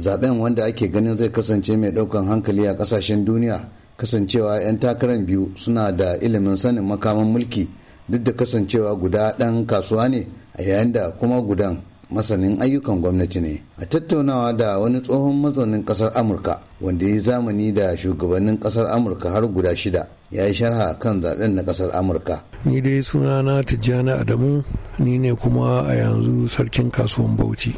zaben wanda ake ganin zai kasance mai daukan hankali a kasashen duniya kasancewa 'yan takarar biyu suna da ilimin sanin makaman mulki duk da kasancewa guda ɗan kasuwa ne a yayin da kuma gudan masanin ayyukan gwamnati ne a tattaunawa da wani tsohon mazaunin kasar amurka wanda ya zamani da shugabannin kasar amurka har guda shida ya yi sharha kan zaben na kasar amurka ni dai sunana tijjani adamu ni ne kuma a yanzu sarkin kasuwan bauchi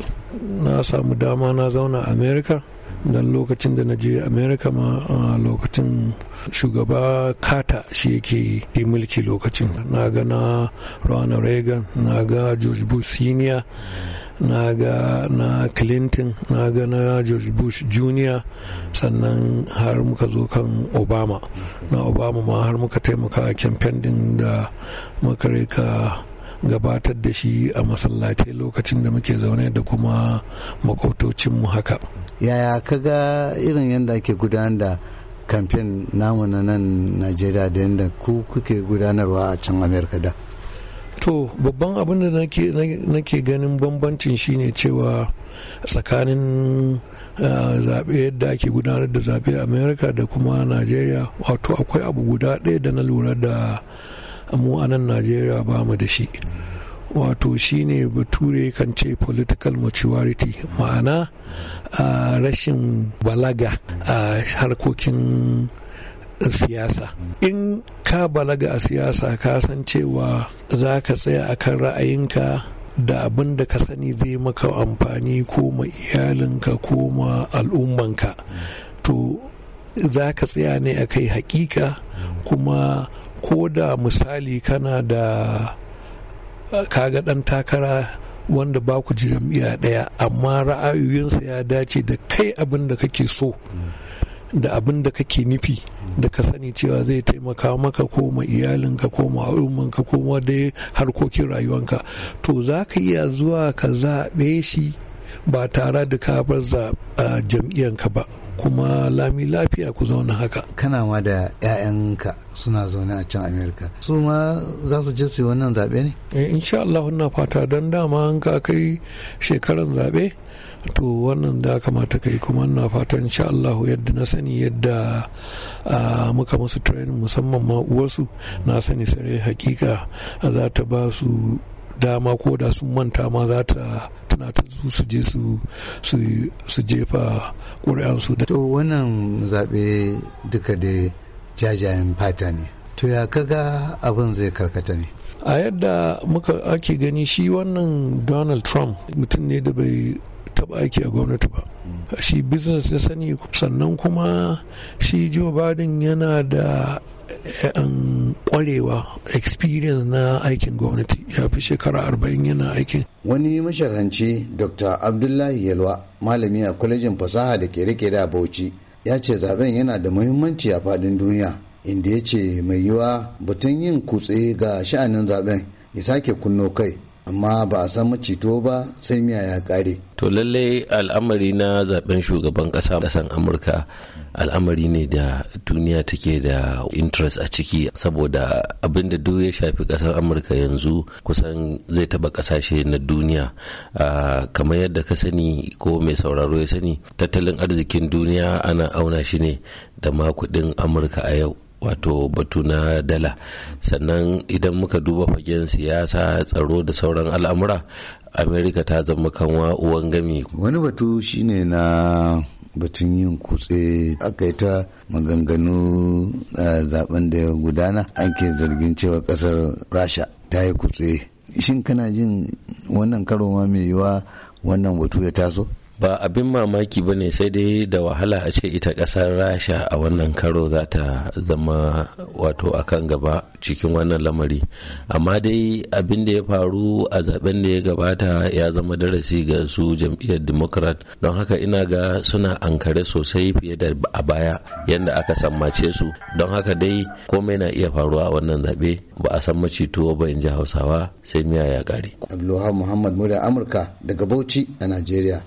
na samu dama na zauna Amerika, don lokacin da na je america ma a lokacin shugaba kata shi yake yi mulki lokacin na ga na ronald reagan na ga george bush senior na ga na clinton na ga na george bush jr sannan har muka zo kan obama na obama ma har muka taimaka a campaign da muka ka. gabatar da shi a masallaci lokacin da muke zaune da kuma mu haka yaya ka ga irin yadda ke gudanar da kamfen namu na nan najeriya da yadda ku kuke gudanarwa a can amerika da to babban abin da nake ganin bambancin shine cewa tsakanin zaɓe yadda ake gudanar da zaɓe a amerika da kuma najeriya wato akwai abu guda ɗaya da na lura da mu a nan najeriya ba mu da shi wato shine bature kan ce political maturity ma'ana a rashin balaga a harkokin siyasa in ka balaga a siyasa ka san cewa za ka tsaya akan ra'ayinka da abin da ka sani zai maka amfani ko ma iyalinka ko ma al'ummanka to za ka tsaya ne a kai hakika kuma ko da misali kana da eh, kaga ɗan takara wanda ba ku jam'iyya ɗaya amma ra'ayoyinsa ya dace da kai abin da kake so mm. da abin da kake nufi mm. da ka sani cewa zai taimaka maka ko ma iyalinka ko ma al'ummanka ko ma dai harkokin rayuwanka to za ka iya zuwa ka zaɓe shi ba tare da ka bar eh, jam'iyyanka ba kuma lami lafiya ku zauna haka kana ma da 'ya'yanka suna zaune a can amerika su ma za su je su yi wannan zaɓe ne eh, insha Allah na fata don dama an ka kai shekaran zaɓe to wannan da kamata kai kuma na fata insha Allah yadda na sani yadda muka musu training musamman ma uwarsu na sani sare hakika za ta ba su dama ko da sun manta ma za ta tunatar su su je su jefa ƙuri'ansu. To wannan zaɓe duka da jajayen fata ne. To ya kaga abin zai karkata ne. A yadda muka ake gani shi wannan Donald Trump mutum ne da bai taba aiki a gwamnati ba mm. shi business ya sani sannan kuma shi joe biden yana da eh, um, kwarewa experience na aikin gwamnati ya fi shekara arba'in yana aikin wani masharanci dr abdullahi yalwa malami a kwalejin fasaha da kere-kere a bauchi ya ce zaben yana da muhimmanci a faɗin duniya inda ya ce mai yiwa batun yin kutse ga sha'anin zaben ya sake kunno kai amma ba a san macito ba sai miya ya kare to lallai al'amari na zaben shugaban kasa kasan amurka al'amari ne da duniya take da interest a ciki saboda abin da duk ya shafi ƙasar amurka yanzu kusan zai taba ƙasashe na duniya kamar yadda ka sani ko mai sauraro ya sani tattalin arzikin duniya ana auna shi ne da makudin amurka a yau wato batu na dala sannan idan muka duba fagen siyasa tsaro da sauran al'amura amerika ta zama kanwa uwan gami wani batu shine na batun yin kutse aka yi ta maganganu zaben da ya gudana an ke zargin cewa kasar rasha ta yi kutse shin kana jin wannan karo ma mai yiwa wannan batu ya taso ba abin mamaki ba ne sai dai da wahala a ce ita kasar rasha a wannan karo za ta zama wato a kan gaba cikin wannan lamari amma dai abin da ya faru a zaben da ya gabata ya zama darasi ga su jam'iyyar democrat don haka ina ga suna ankare sosai fiye da a baya yadda aka sammace su don haka dai komai na iya faruwa a wannan zaɓe ba a san tuwo ba in ji hausawa sai miya ya ƙare. abdulwahab muhammad murya amurka daga bauchi a najeriya